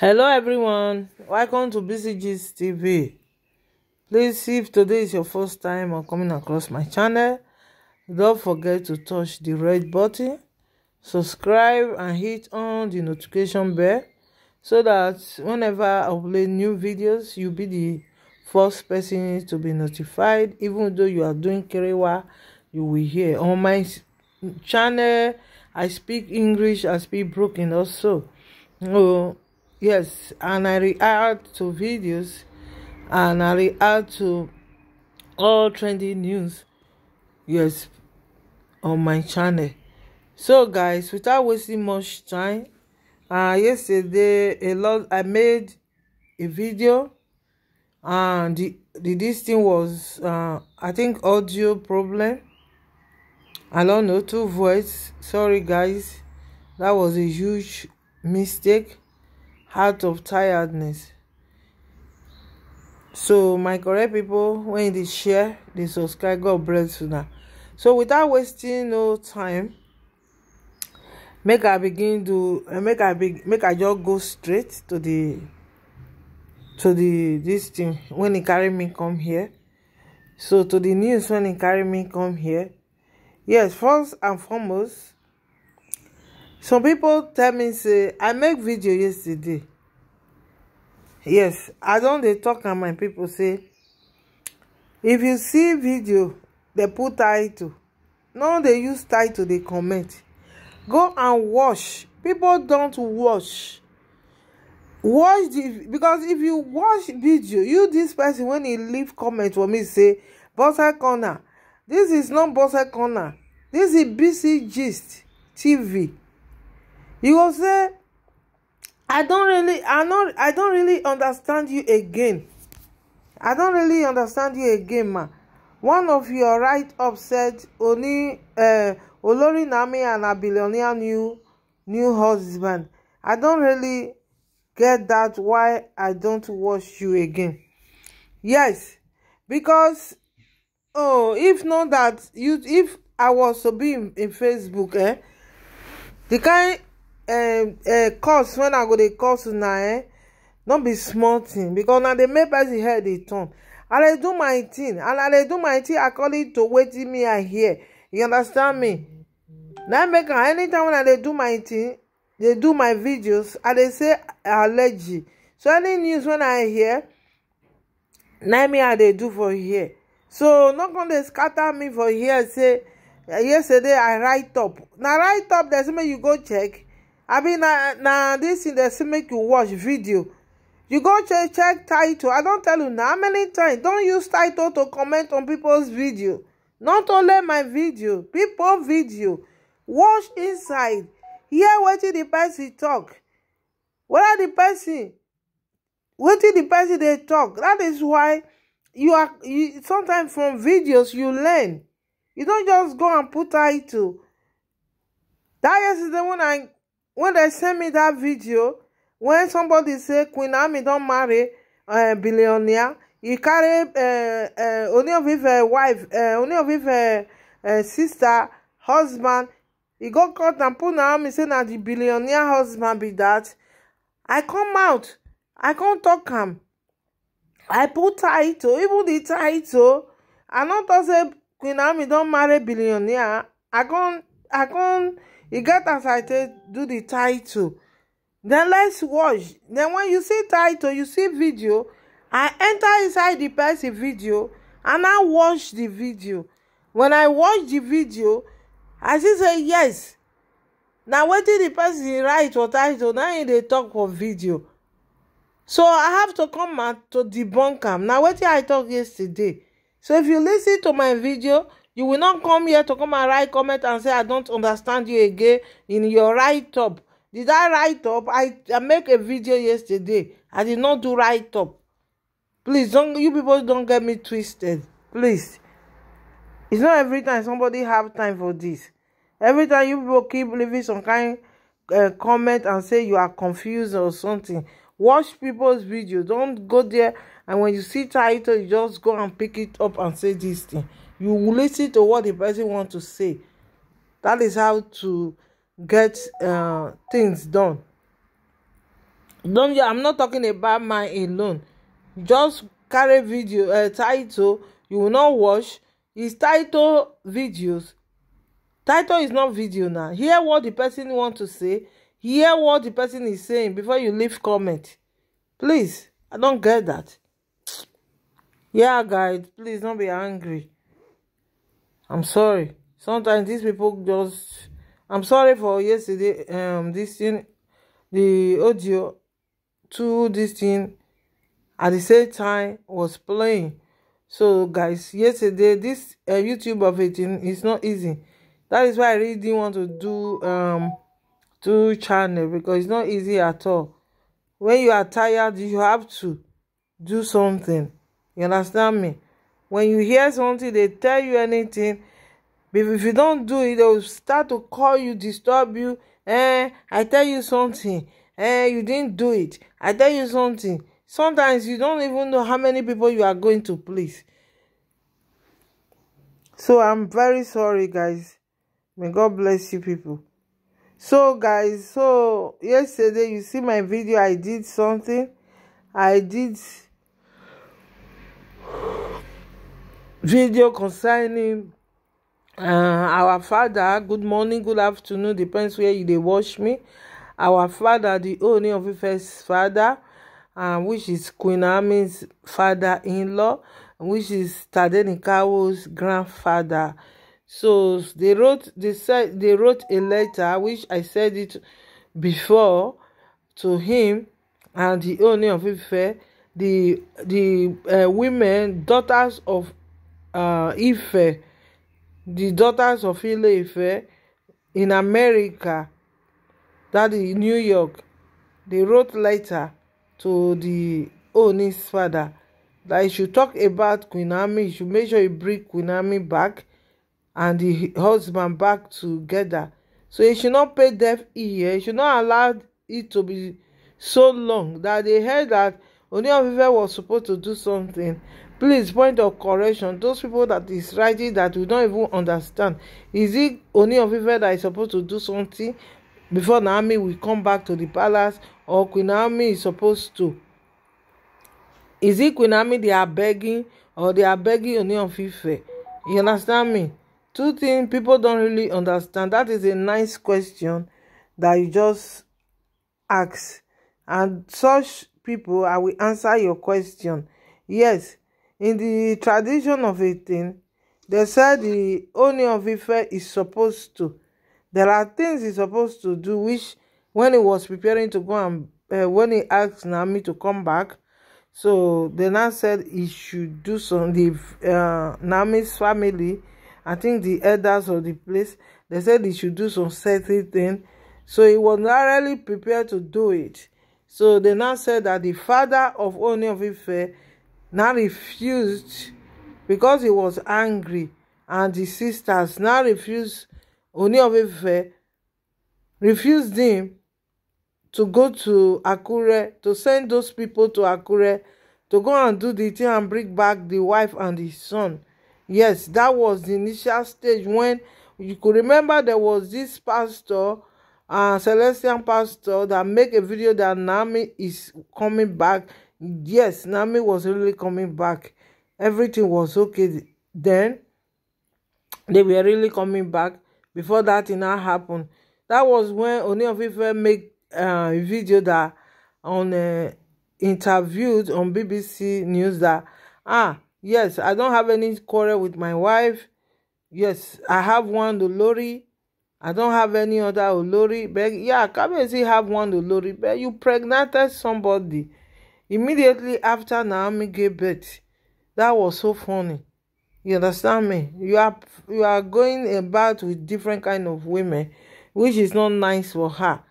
hello everyone welcome to bcgs tv please if today is your first time or coming across my channel don't forget to touch the red button subscribe and hit on the notification bell so that whenever i upload new videos you'll be the first person to be notified even though you are doing kerewa you will hear on my channel i speak english i speak broken also so yes and i react to videos and i react to all trending news yes on my channel so guys without wasting much time uh yesterday a lot i made a video and the, the this thing was uh i think audio problem i don't know two voice sorry guys that was a huge mistake out of tiredness so my correct people when they share they subscribe god bless you now. so without wasting no time make i begin to eh, make i make i just go straight to the to the this thing when he carry me come here so to the news when he carry me come here yes first and foremost some people tell me say i make video yesterday yes i don dey talk. am my people say if you see video dey put title no dey use title dey comment go and watch People don't watch watch the because if you watch video you this person when he leave comment for me say bonsai corner This is not bonsai corner This is bc gist tv he will say i don't really i not, i don't really understand you again i don't really understand you again ma one of your write-up said only, uh, eh, olori nami and her new new husband i don't really get that why i don't watch you again yes because oh if not that you if i was to be in, in facebook eh the kind Um, uh, curse when i go dey curse una eh don't be small tin becos na dey make person head dey turn i do my thing. and i do my tin according to wetin me i hear you understand me Now make am anytime when i do my thing, they do my videos and they say allergy so any news when i hear now me i they do for here so not gonna scatter me for here say yesterday i write up Now write up dem say you go check i mean na na dis thing dem make you watch video you go check check title i don't tell you now how many times Don't use title to comment on people's video not only my video people video watch inside hear what the person talk What are the person What the person they talk that is why you are you sometimes from videos you learn you don't just go and put title that yesterday when i When they send me that video when somebody say queen naomi don't marry eh, billionaire he carry only of a wife only of his eh, eh, sister husband He got caught and put Now naomi say that the billionaire husband be that. i come out i can't talk him. i put title even the title i not tok say queen naomi don't marry billionaire i can't. i can't e get as i take do the title Then let's watch Then when you see title you see video i enter inside the person video and i watch the video when i watch the video i see say yes na wetin the person write for title na im dey talk for video so i have to come out to debunk am na wetin i talk yesterday so if you lis ten to my video you will not come here to come and write comment and say i don't understand you again in your write up did i write up i i make a video yesterday i did not do write up please don't you people don't get me twisted please it's not every time somebody have time for this every time you people keep leaving some kind uh, comment and say you are confused or something watch people's video don't go there and when you see title you just go and pick it up and say this thing you listen to what the person wants to say that is how to get uh, things done don't you i'm not talking about mine alone just carry video uh, title you will not watch is title videos title is not video now hear what the person want to say hear what the person is saying before you leave comment please i don't get that yeah guys please don't be angry I'm sorry. Sometimes these people just. I'm sorry for yesterday. Um, this thing, the audio to this thing at the same time was playing. So guys, yesterday this uh, YouTube of it is not easy. That is why I really didn't want to do um two channel because it's not easy at all. When you are tired, you have to do something. You understand me? when you hear something they tell you anything but if you don't do it they will start to call you disturb you eh i tell you something eh you didn't do it i tell you something sometimes you don't even know how many people you are going to please so i'm very sorry guys may god bless you people so guys so yesterday you see my video i did something i did video concerning uh, our father good morning good afternoon depends where you dey watch me our father the only of Ife's father um, which is Queen Naomi's father-in-law which is Tadenikawo's grandfather so they wrote they said they wrote a letter which I said it before to him and the only of Ife the the uh, women daughters of uh, Ife, the daughters of Ile Ife in America, that is New York, they wrote letter to the Onis father that he should talk about Queen Naomi, he should make sure he bring Queen Naomi back and the husband back together. So he should not pay deaf ear, he should not allow it to be so long that they heard that Ooni of Ife was supposed to do something please point of correction those people that is writing that we don't even understand is it only of Ife that is supposed to do something before Naomi will come back to the palace or Queen Naomi is supposed to is it Queen Naomi they are begging or they are begging only of Ife you understand me two things people don't really understand that is a nice question that you just ask and such people I will answer your question yes in the tradition of a thing they said the only of Ife is supposed to there are things he's supposed to do which when he was preparing to go and uh, when he asked Nami to come back so they now said he should do some the uh, Naomi's family I think the elders of the place they said he should do some certain thing so he was not really prepared to do it so they now said that the father of Ooni of Ife now refused because he was angry and the sisters now refused Ooni of Ife refused him to go to Akure to send those people to Akure to go and do the thing and bring back the wife and the son yes that was the initial stage when you could remember there was this pastor uh, Celestian pastor that make a video that Nami is coming back yes Nami was really coming back everything was okay then they were really coming back before that thing now happened that was when Ooni of Ife make uh, a video that on uh, interviewed on BBC News that ah yes I don't have any quarrel with my wife yes I have one Olori I don't have any other Olori but yeah see. have one Olori but you pregnanted somebody immediately after Naomi gave birth. That was so funny. You understand me? You are you are going about with different kind of women, which is not nice for her.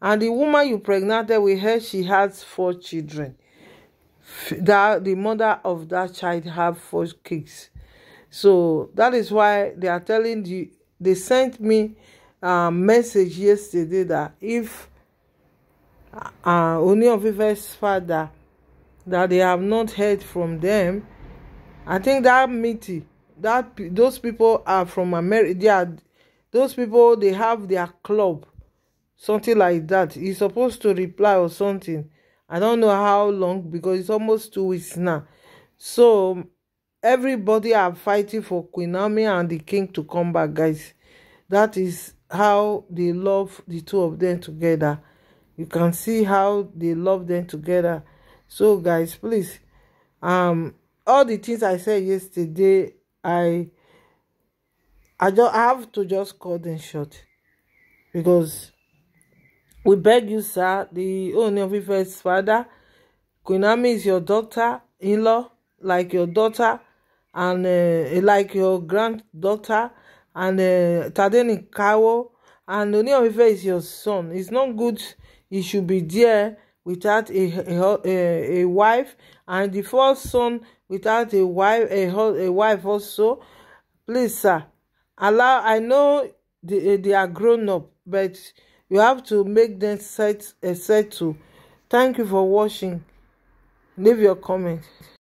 And the woman you pregnanted with her, she has four children. That the mother of that child have four kids. So that is why they are telling you. They sent me a message yesterday that if uh, Oni of Ife's father that they have not heard from them. I think that meeting, that those people are from America. They are, those people they have their club, something like that. He's supposed to reply or something. I don't know how long because it's almost two weeks now. So everybody are fighting for Queen Naomi and the king to come back, guys. That is how they love the two of them together you can see how they love them together so guys please um all the things i said yesterday i i just I have to just cut them short because we beg you sir the only of his father Kunami is your daughter-in-law like your daughter and uh, like your granddaughter and uh, Tadeni Kawo and Ooni of Ife is your son it's not good he should be there without a a, a, wife and the first son without a wife a, a wife also please sir allow I know they, they are grown up but you have to make them set, a settle thank you for watching leave your comment